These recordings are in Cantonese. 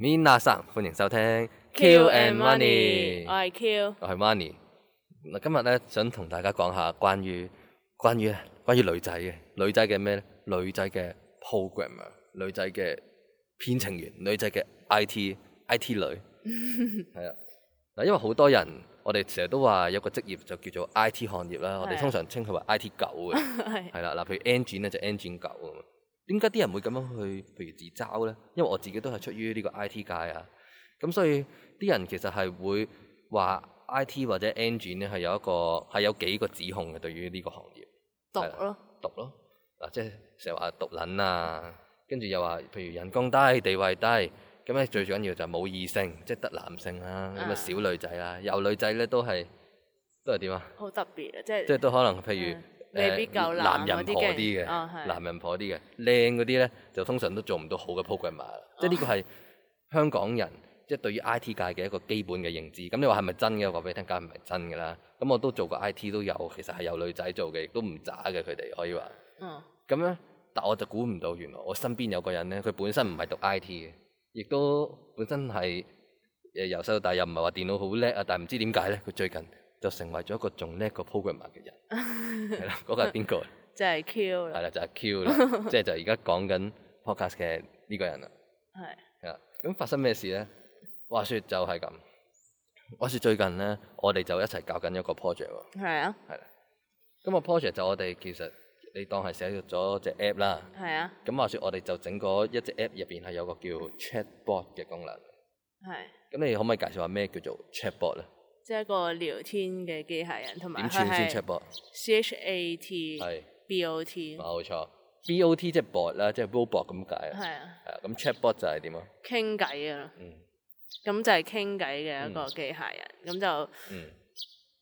Mi 娜生，歡迎收聽。Q and Money，我係 Q，我係 Money。嗱，今日咧想同大家講下關於關於關於女仔嘅，女仔嘅咩咧？女仔嘅 programmer，女仔嘅編程員，女仔嘅 IT，IT 女係啊。嗱， 因為好多人，我哋成日都話有個職業就叫做 IT 行業啦， 我哋通常稱佢為 IT 狗嘅，係 啦。嗱，譬如 engine 咧就 engine 狗。點解啲人會咁樣去譬如自嘲咧？因為我自己都係出於呢個 IT 界啊，咁所以啲人其實係會話 IT 或者 Android 咧係有一個係有幾個指控嘅，對於呢個行業，毒咯，毒咯，嗱即係成日話毒撚啊，跟住又話譬如人工低、地位低，咁咧最緊要就冇異性，即係得男性啦、啊，咁、嗯、啊小女仔啦，有女仔咧都係都係點啊？好、啊、特別啊！就是、即係即係都可能譬如。嗯未必夠男人婆啲嘅，男人婆啲嘅，靚嗰啲咧就通常都做唔到好嘅 programmer。即係呢個係香港人，即係對於 IT 界嘅一個基本嘅認知。咁、哦、你話係咪真嘅？話俾你聽，梗唔係真㗎啦。咁我都做過 IT，都有其實係有女仔做嘅，亦都唔渣嘅佢哋可以話。嗯、哦。咁咧，但我就估唔到，原來我身邊有個人咧，佢本身唔係讀 IT 嘅，亦都本身係誒由細到大又唔係話電腦好叻啊。但係唔知點解咧，佢最近。就成為咗一個仲叻個 programmer 嘅人，係 啦，嗰、那個係邊個？就係、是、Q 啦，係啦，就係 Q 啦，即係就而家講緊 podcast 嘅呢個人啦。係。啊，咁發生咩事咧？話說就係咁，話說最近咧，我哋就一齊搞緊一個 project 喎。係啊。係啦，咁、那個 project 就我哋其實你當係寫咗隻 app 啦。係啊。咁話說我哋就整嗰一隻 app 入邊係有個叫 chatbot 嘅功能。係。咁你可唔可以介紹下咩叫做 chatbot 咧？即係一個聊天嘅機械人，同埋佢係 C H A T B O T。t BOT, Bot，Bot，係冇錯，B O T 即係 bot 啦，即係 robot o 咁解啊。係啊，咁 chatbot 就係點啊？傾偈啊，咯。嗯。咁就係傾偈嘅一個機械人，咁、嗯、就，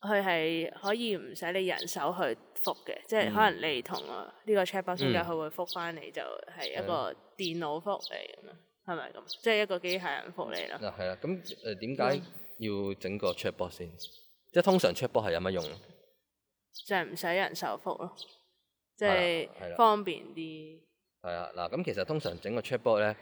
佢、嗯、係可以唔使你人手去覆嘅、嗯，即係可能你同啊呢個 chatbot 傾、嗯、偈，佢會覆返你就係一個電腦覆你咁咯，係咪咁？即係、就是、一個機械人覆你啦。嗱係啦，咁誒點解？要整個 chatbot 先，即係通常 chatbot 係有乜用咧？就唔、是、使人受複咯，即、就、係、是、方便啲。係啊，嗱，咁其實通常整個 chatbot 咧，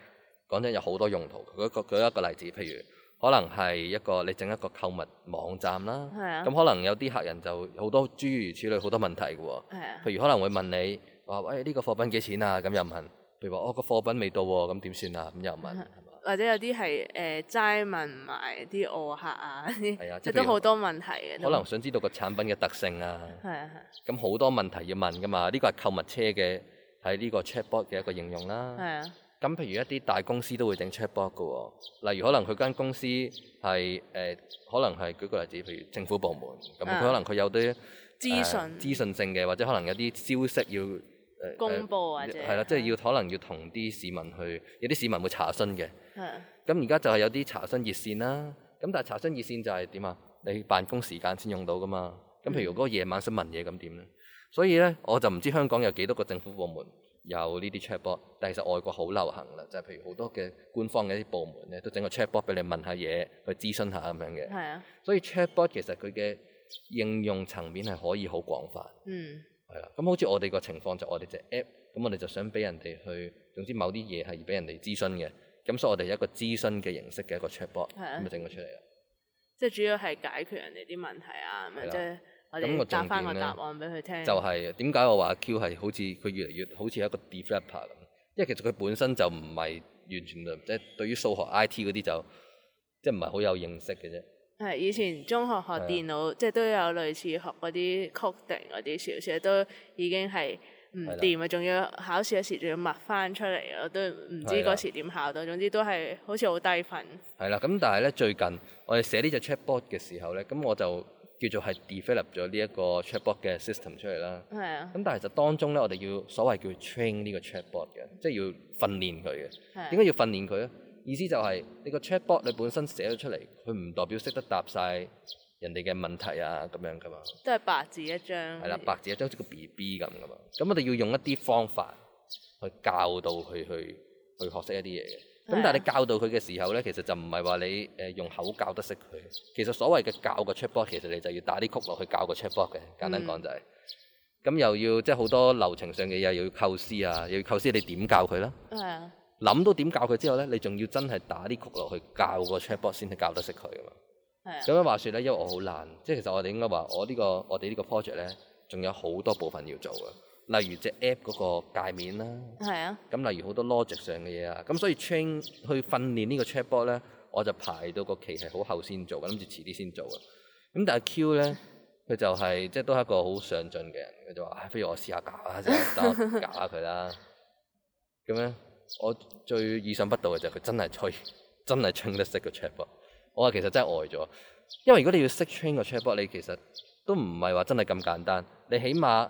講真有好多用途。舉一,一個例子，譬如可能係一個你整一個購物網站啦，咁可能有啲客人就好多諸如此類好多問題嘅喎。譬如可能會問你話，喂呢、這個貨品幾錢啊？咁又問，譬如話哦，個貨品未到喎，咁點算啊？咁、啊、又問。或者有啲係誒齋問埋啲奧客啊，即都好多問題嘅。可能想知道個產品嘅特性啊。係啊係。咁好多問題要問㗎嘛？呢、這個係購物車嘅喺呢個 chatbot 嘅一個應用啦。係啊。咁譬如一啲大公司都會整 chatbot 嘅、哦，例如可能佢間公司係誒、呃，可能係舉個例子，譬如政府部門，咁佢、啊、可能佢有啲資訊資訊性嘅，或者可能有啲消息要。公布或者啦，即係要可能要同啲市民去，有啲市民會查詢嘅。咁而家就係有啲查詢熱線啦。咁但係查詢熱線就係點啊？你辦公時間先用到噶嘛。咁譬如如果夜晚想問嘢，咁點咧？所以咧，我就唔知香港有幾多個政府部門有呢啲 chatbot，但係其實外國好流行啦。就係、是、譬如好多嘅官方嘅啲部門咧，都整個 chatbot 俾你問下嘢，去諮詢下咁樣嘅。係啊。所以 chatbot 其實佢嘅應用層面係可以好廣泛。嗯。係啦，咁好似我哋個情況就我哋隻 app，咁我哋就想俾人哋去，總之某啲嘢係俾人哋諮詢嘅，咁所以我哋一個諮詢嘅形式嘅一個 chatbot，咁咪整咗出嚟啦。即係主要係解決人哋啲問題啊，咁咪即係我哋答返個答案俾佢聽。就係點解我話阿 Q 係好似佢越嚟越好似一個 developer 咁，因為其實佢本身就唔係完全即係、就係、對於數學 IT 嗰啲就即係唔係好有認識嘅啫。係，以前中學學電腦，即係都有類似學嗰啲 coding 嗰啲小寫，都已經係唔掂啊！仲要考試嘅時仲要默翻出嚟，我都唔知嗰時點考到。總之都係好似好低分。係啦，咁但係咧，最近我哋寫呢隻 chatbot 嘅時候咧，咁我就叫做係 develop 咗呢一個 chatbot 嘅 system 出嚟啦。係啊。咁但係其實當中咧，我哋要所謂叫 train 呢個 chatbot 嘅，即係要訓練佢嘅。係。點解要訓練佢啊？意思就係、是、你個 chatbot 你本身寫咗出嚟，佢唔代表識得答晒人哋嘅問題啊咁樣噶嘛。即係白紙一,一張。係啦，白紙一張好似個 BB 咁噶嘛。咁我哋要用一啲方法去教導佢，去去學識一啲嘢。咁、啊、但係你教導佢嘅時候咧，其實就唔係話你誒用口教得識佢。其實所謂嘅教個 chatbot，其實你就要打啲曲落去教個 chatbot 嘅。簡單講就係、是，咁、嗯嗯、又要即係好多流程上嘅嘢，又要構思啊，又要構思你點教佢啦。係啊。諗到點教佢之後咧，你仲要真係打啲曲落去教個 chatbot 先係教得識佢啊嘛。咁樣、啊、話説咧，因為我好懶，即係其實我哋應該話我呢、呢個我哋呢個 project 咧，仲有好多部分要做嘅，例如隻 app 嗰個界面啦，咁、啊、例如好多 logic 上嘅嘢啊，咁所以 train 去訓練呢個呢個 chatbot 咧，我就排到個期係好後先做嘅，諗住遲啲先做啊。咁但係 Q 咧，佢就係即係都係一個好、就是、上進嘅人，佢就話、哎：，不如我試下教下先，教下佢啦，咁樣。我最意想不到嘅就係佢真係吹，真係 train 得識個 chatbot 我話其實真係呆咗，因為如果你要識 train 個 chatbot 你其實都唔係話真係咁簡單。你起碼，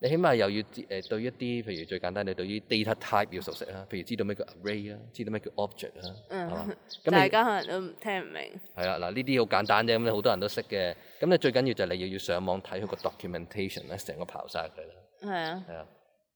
你起碼又要誒對於一啲，譬如最簡單，你對於 data type 要熟悉啦，譬如知道咩叫 array 啦，知道咩叫 object 啦、嗯，係嘛？咁大家可能都聽唔明白。係啊，嗱呢啲好簡單啫，咁你好多人都識嘅。咁你最緊要就係你要要上網睇佢個 documentation 咧，成個刨晒佢啦。係啊。係啊。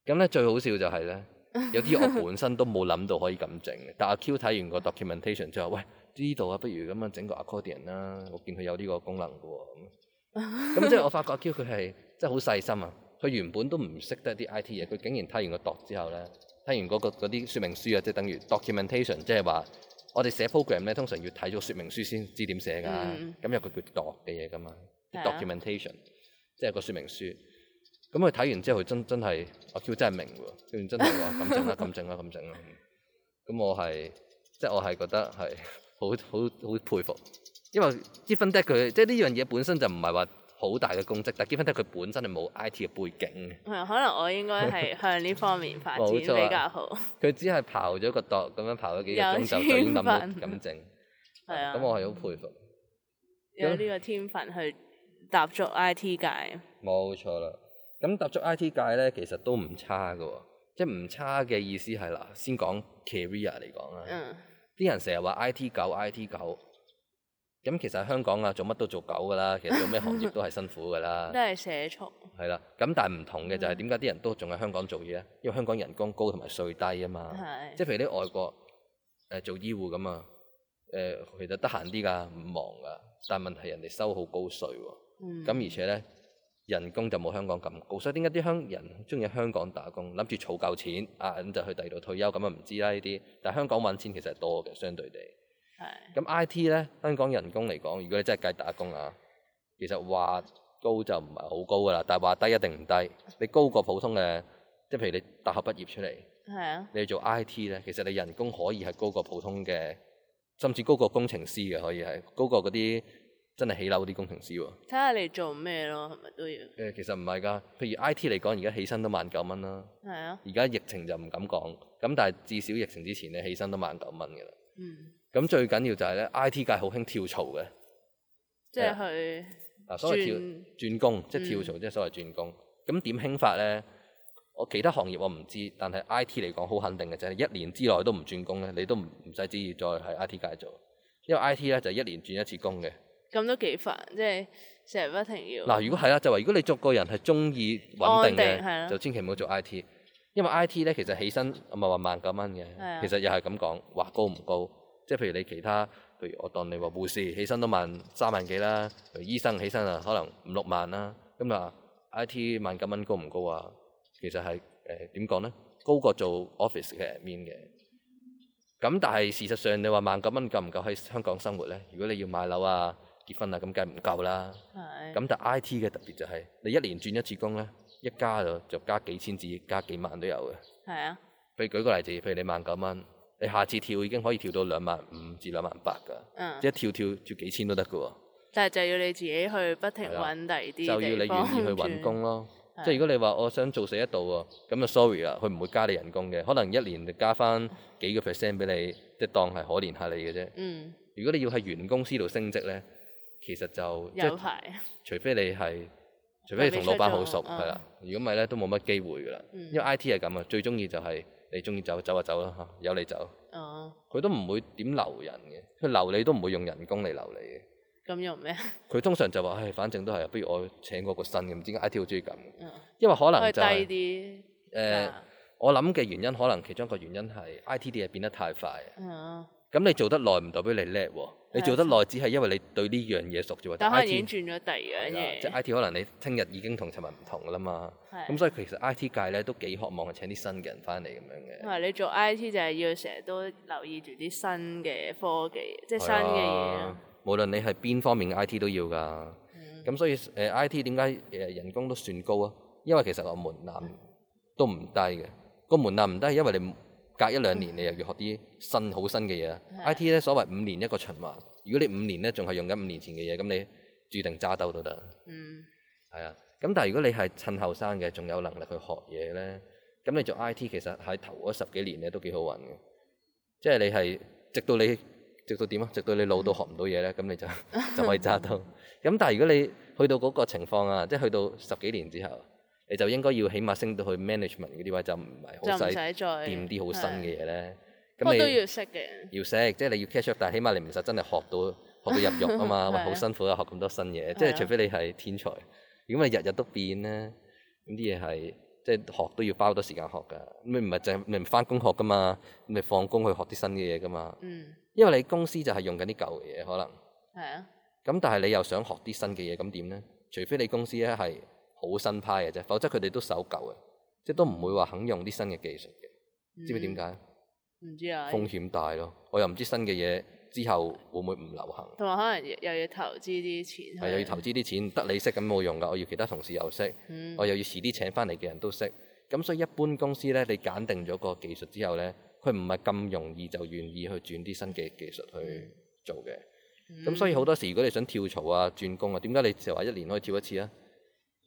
咁咧最好笑就係咧。 有啲我本身都冇諗到可以咁整，但阿 Q 睇完個 documentation 之後，喂呢度啊，不如咁樣整個 accordion 啦，我見佢有呢個功能喎。咁即係我發覺阿 Q 佢係真係好細心啊！佢原本都唔識得啲 IT 嘢，佢竟然睇完個度之後咧，睇完嗰啲說明書啊，即係等於 documentation，即係話我哋寫 program 咧，通常要睇咗說明書先知點寫㗎。咁有個叫度嘅嘢㗎嘛，documentation 即係個說明書。咁佢睇完之後，佢真真係阿 Q 真係明喎，佢真係話咁整啦，咁整啦，咁整啦。咁 我係即係我係覺得係好好好佩服，因為 Johnson 佢即係呢樣嘢本身就唔係話好大嘅功績，但係 Johnson 佢本身係冇 IT 嘅背景嘅。可能我應該係向呢方面發展比較好。佢 錯、啊、 只係刨咗個度，咁樣刨咗幾日，就已經咁咁整。係 啊，咁、嗯、我係好佩服。有呢個天分去踏足 IT 界。冇錯啦。咁踏足 I T 界咧，其實都唔差嘅，哦，即係唔差嘅意思係啦。先 career 講 career 嚟講啦，啲，嗯、人成日話 I T 九 I T 九，咁其實香港啊做乜都做狗噶啦，其實做咩行業都係辛苦噶啦。 都係社畜。係啦，咁但係唔同嘅就係點解啲人都仲喺香港做嘢啊？因為香港人工高同埋稅低啊嘛。即係譬如啲外國誒，呃、做醫護咁啊，誒，呃、其實得閒啲㗎，唔忙㗎，但係問題係人哋收好高稅喎。咁，嗯、而且咧。人工就冇香港咁高，所以點解啲香港人鍾意香港打工，諗住儲夠錢啊，咁就去第二度退休，咁啊唔知啦呢啲。但係香港搵錢其實係多嘅，相對地。係。咁 I T 咧，香港人工嚟講，如果你真係計打工啊，其實話高就唔係好高㗎喇，但係話低一定唔低。你高過普通嘅，即係譬如你大學畢業出嚟，係啊，你做 I T 咧，其實你人工可以係高過普通嘅，甚至高過工程師嘅可以係，高過嗰啲。真係起樓啲工程師喎、啊，睇下你做咩咯，係咪都要？誒，其實唔係㗎，譬如 I T 嚟講，而家起薪都萬九蚊啦。係啊。而家、啊、疫情就唔敢講，咁但係至少疫情之前咧，起薪都萬九蚊嘅啦。嗯。咁最緊要就係咧，I T 界好興跳槽嘅，即係去啊所謂跳轉工，即係跳槽，即、嗯、係所謂轉工。咁點興法咧？我其他行業我唔知，但係 I T 嚟講好肯定嘅就係、是、一年之內都唔轉工咧，你都唔唔使旨意再喺 I T 界做，因為 I T 咧就一年轉一次工嘅。咁都幾煩，即係成日不停要。嗱，如果係啦，就話如果你做個人係中意穩定嘅，就千祈唔好做 I T，因為 I T 咧其實起薪，唔係話萬九蚊嘅，其實又係咁講，話高唔高？即係譬如你其他，譬如我當你話護士，起薪都萬三萬幾啦，醫生起薪啊可能五六萬啦，咁啊 I T 萬九蚊高唔高啊？其實係誒點講咧，高過做 office 嘅面嘅。咁但係事實上你話萬九蚊夠唔夠喺香港生活咧？如果你要買樓啊？結婚啦，咁梗係唔夠啦。咁但 I T 嘅特別就係、是，你一年轉一次工咧，一加就就加幾千至加幾萬都有嘅。係啊。譬如舉個例子，譬如你萬九蚊，你下次跳已經可以跳到兩萬五至兩萬八噶。嗯。即係一跳跳住幾千都得噶。但係就要你自己去不停揾第二啲，就要你願意去揾工咯。即係如果你話我想做死一度喎，咁就 sorry 啊，佢唔會加你人工嘅，可能一年就加翻幾個 percent 俾你，即係當係可憐下你嘅啫。嗯。如果你要喺原公司度升職咧。其實就有一即排，除非你係，除非你同老闆好熟，係啦。如果唔係咧，都冇乜機會噶啦。嗯、因為 I T 係咁啊，最中意就係、是、你中意走，走就走啦嚇，有你走。哦。佢都唔會點留人嘅，佢留你都唔會用人工嚟留你嘅。咁用咩？佢通常就話：，唉、哎，反正都係，不如我請過個新嘅。點解 I T 好中意咁？嗯、因為可能就係、是。低啲。誒、呃，我諗嘅原因可能其中一個原因係 I T 啲嘢變得太快。咁你做得耐唔代表你叻喎？你做得耐只係因為你對呢樣嘢熟啫喎。但係你已經轉咗第二樣嘢。即係 I T 可能你聽日已經同尋日唔同噶啦嘛。咁所以其實 I T 界咧都幾渴望係請啲新嘅人翻嚟咁樣嘅。係你做 I T 就係要成日都留意住啲新嘅科技，即係新嘅嘢。無論你係邊方面嘅 I T 都要噶。咁、嗯、所以誒 I T 點解誒人工都算高啊？因為其實個門檻都唔低嘅。個門檻唔低係因為你。隔一兩年你又要學啲新好、嗯、新嘅嘢，I T 咧所謂五年一個循環，如果你五年咧仲係用緊五年前嘅嘢，咁你注定揸兜都得。嗯，係啊，咁但係如果你係趁後生嘅，仲有能力去學嘢咧，咁你做 I T 其實喺頭嗰十幾年咧都幾好揾嘅，即、就、係、是、你係直到你直到點啊，直到你老到學唔到嘢咧，咁、嗯、你就 就可以揸兜。咁但係如果你去到嗰個情況啊，即係去到十幾年之後。你就應該要起碼升到去 management 嗰啲位，就唔係好使掂啲好新嘅嘢咧。咁你都要識嘅，要識，即係你要 catch up，但係起碼你唔實真係學到學到入肉啊嘛。喂、 哎，好辛苦啊，學咁多新嘢，即係除非你係天才。如果你日日都變咧，咁啲嘢係即係學都要花好多時間學噶。咁你唔係淨唔係翻工學噶嘛，咁你放工去學啲新嘅嘢噶嘛。嗯。因為你公司就係用緊啲舊嘅嘢可能，係啊。咁但係你又想學啲新嘅嘢，咁點咧？除非你公司咧係。好新派嘅啫，否則佢哋都守舊嘅，即係都唔會話肯用啲新嘅技術嘅、嗯。知唔知點解？唔知啊。風險大咯，我又唔知新嘅嘢之後會唔會唔流行。同埋可能又要投資啲錢。係又要投資啲錢，得你識咁冇用噶，我要其他同事又識，嗯、我又要遲啲請翻嚟嘅人都識。咁所以一般公司咧，你揀定咗個技術之後咧，佢唔係咁容易就願意去轉啲新嘅技術去做嘅。咁、嗯、所以好多時，如果你想跳槽啊、轉工啊，點解你就話一年可以跳一次啊？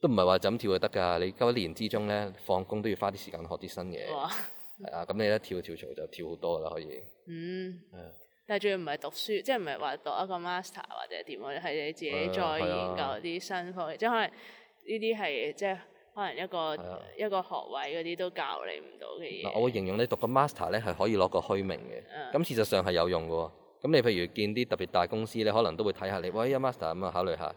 都唔係話怎跳就得㗎，你喺一年之中咧放工都要花啲時間學啲新嘢，係啊，咁你一跳跳槽就跳好多㗎啦，可以。嗯。是啊、但係仲要唔係讀書，即係唔係話讀一個 master 或者點，係你自己再研究啲新科、啊啊、新科即係可能呢啲係即係可能一個、啊、一個學位嗰啲都教你唔到嘅嘢。我會形容你讀個 master 咧係可以攞個虛名嘅，咁、啊、事實上係有用㗎喎。咁你譬如見啲特別大公司咧，你可能都會睇下你，喂，有 master 咁啊，哎、master, 考慮下。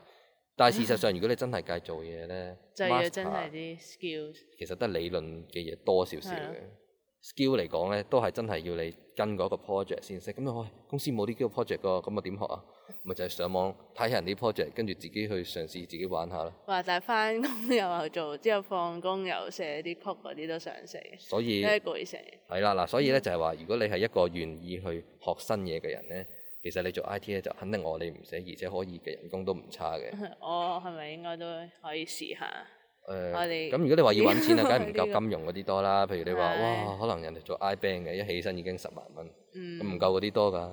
但係事實上，如果你真係計做嘢咧，就係要真係啲 skills，其實得理論嘅嘢多少少嘅。skill 嚟講咧，都係真係要你跟嗰個 project 先識。咁、嗯、啊、哎，公司冇啲幾個 project 個，咁啊點學啊？咪 就係上網睇下人啲 project，跟住自己去嘗試自己玩下啦。話就係翻工又話做，之後放工又寫啲曲嗰啲都想寫，所以，鬼寫。係啦，嗱，所以咧就係話、嗯，如果你係一個願意去學新嘢嘅人咧。其實你做 IT 咧就肯定我哋唔死，而且可以嘅人工都唔差嘅。我係咪應該都可以試下？誒、呃，我哋咁如果你話要揾錢啊，梗係唔夠金融嗰啲多啦。譬如你話哇，可能人哋做 I Bank 嘅一起身已經十萬蚊，唔夠嗰啲多㗎。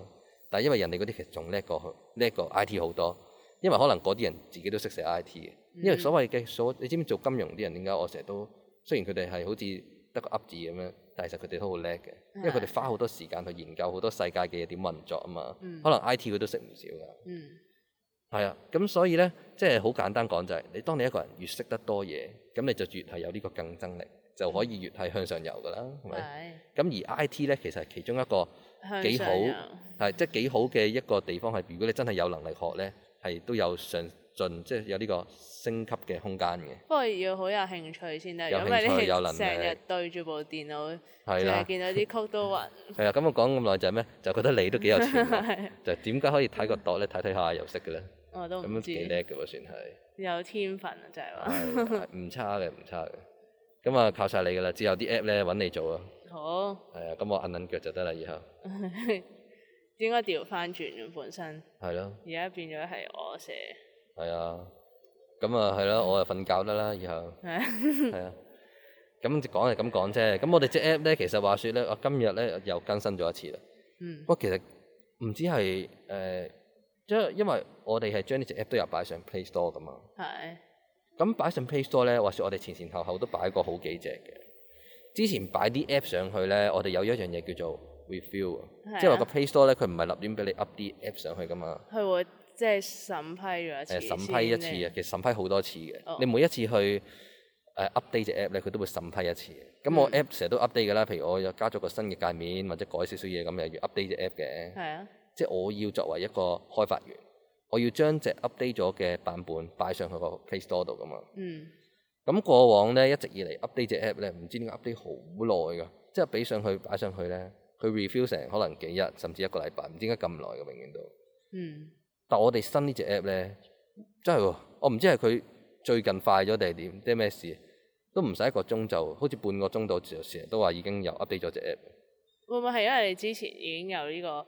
但係因為人哋嗰啲其實仲叻過佢，叻過 IT 好多。因為可能嗰啲人自己都識寫 IT 嘅。因為所謂嘅所，你知唔知做金融啲人點解我成日都雖然佢哋係好似？得個 up 字咁樣，但其實佢哋都好叻嘅，因為佢哋花好多時間去研究好多世界嘅嘢，點運作啊嘛、嗯。可能 IT 佢都識唔少㗎，係、嗯、啊。咁所以咧，即係好簡單講就係、是，你當你一個人越識得多嘢，咁你就越係有呢個競爭力，就可以越係向上游㗎啦，係咪？咁而 IT 咧，其實係其中一個幾好，係即係幾好嘅一個地方係，如果你真係有能力學咧，係都有上。盡即係有呢個升級嘅空間嘅。不過要好有興趣先得，因為你成日對住部電腦，淨係見到啲曲都暈。係 啊，咁我講咁耐就係咩？就覺得你都幾有錢喎 的就點解可以睇個度咧？睇睇下又識嘅咧。我都唔知。咁幾叻嘅喎，算係。有天分啊，就係話。唔 差嘅，唔差嘅。咁啊，靠晒你㗎啦，只有啲 app 咧揾你做啊。好。係啊，咁我摁揞腳就得啦，以後。 應該調翻轉本身。係咯。而家變咗係我寫。係啊，咁啊係啦，我又瞓覺得啦，以後係 啊，咁講係咁講啫。咁我哋隻 app 咧，其實話說咧，我今日咧又更新咗一次啦。嗯，不過其實唔知係誒，即、呃、係因為我哋係將呢隻 app 都有擺上 Play Store 噶嘛。係。咁擺上 Play Store 咧，話說我哋前前後後都擺過好幾隻嘅。之前擺啲 app 上去咧，我哋有一樣嘢叫做 review，即係話個 Play Store 咧，佢唔係立亂俾你 up 啲 app 上去噶嘛。係會。即係審批咗一次先，其實審批好多次嘅。Oh. 你每一次去誒、呃、update 隻 app 咧，佢都會審批一次。咁我 app 成、嗯、日都 update 㗎啦，譬如我又加咗個新嘅界面，或者改少少嘢咁，又要 update 隻 app 嘅。係啊，即係我要作為一個開發員，我要將隻 update 咗嘅版本放上、嗯、一的上擺上去個 Face Store 度㗎嘛。嗯。咁過往咧一直以嚟 update 隻 app 咧，唔知點解 update 好耐㗎，即係俾上去擺上去咧，佢 review 成可能幾日，甚至一個禮拜，唔知點解咁耐㗎，永遠都。嗯。但我哋新呢隻 app 咧，真係喎！我唔知係佢最近快咗定係點，啲咩事都唔使一個鐘就，好似半個鐘到就成日都話已經有 update 咗隻 app。會唔會係因為你之前已經有呢個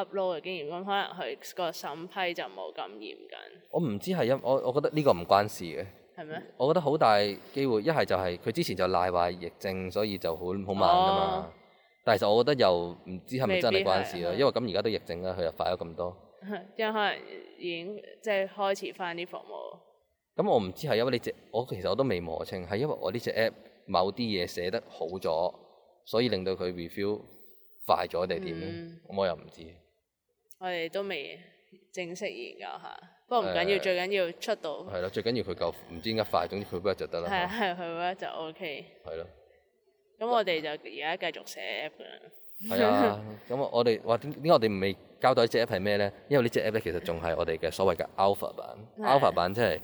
upload 嘅經驗，咁可能佢個審批就冇咁嚴謹？我唔知係因為我，我覺得呢個唔關事嘅。係咩？我覺得好大機會，一係就係佢之前就賴壞疫症，所以就好好慢㗎嘛。哦。但係其實我覺得又唔知係咪真係關事咯，因為咁而家都疫症啦，佢又快咗咁多。即係可能已經即係開始翻啲服務，嗯。咁我唔知係因為呢隻，我其實我都未摸清，係因為我呢隻 app 某啲嘢寫得好咗，所以令到佢 review 快咗定點咧？咁我又唔知。我哋都未正式研究下，不過唔緊要，最緊要出到。係啦，最緊要佢夠唔知點解快，總之佢 good 就得啦。係啊，係佢就 OK。係咯。咁我哋就而家繼續寫 app 啦。係 啊，咁我我哋話點點解我哋未交代隻 app 係咩咧？因為呢隻 app 咧其實仲係我哋嘅所謂嘅 alpha 版，alpha 版即係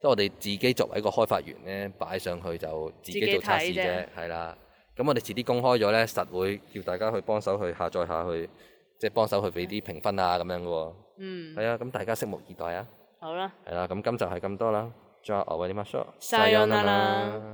即我哋自己作為一個開發員咧擺上去就自己做測試啫，係啦。咁我哋遲啲公開咗咧，實會叫大家去幫手去下載下去，即係幫手去俾啲評分啊咁樣喎。嗯。係啊，咁大家拭目以待啊。好啦。係啦。咁今集就係咁多啦。Joe，我哋 match See you